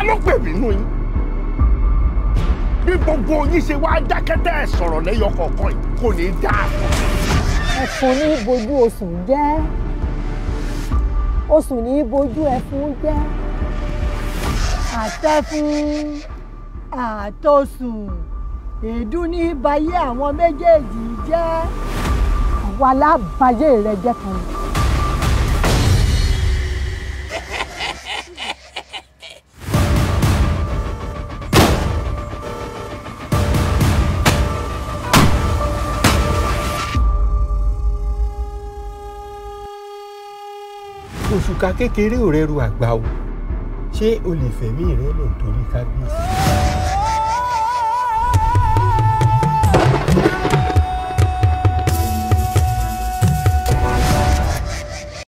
ta ló pè mí nù yín bí gbogbo yín ṣe wá dákẹ́tẹ́ ẹ̀ sọ̀rọ̀ lẹ́yọ kọ̀ọ̀kan yìí kò ní í dáa fún mi. ẹ̀fọn ní bojú oṣù jẹ́ oṣù ní bojú ẹ̀fọn jẹ́ àtẹ̀fún àtọ̀sùn èédú ní bayé àwọn méjèèjì jẹ́ àwa lábàáyé rẹ̀ jẹ́ kan. òṣùkà kékeré ò rẹrù àgbà o ṣé o lè fẹ̀mí rẹ lò torí ká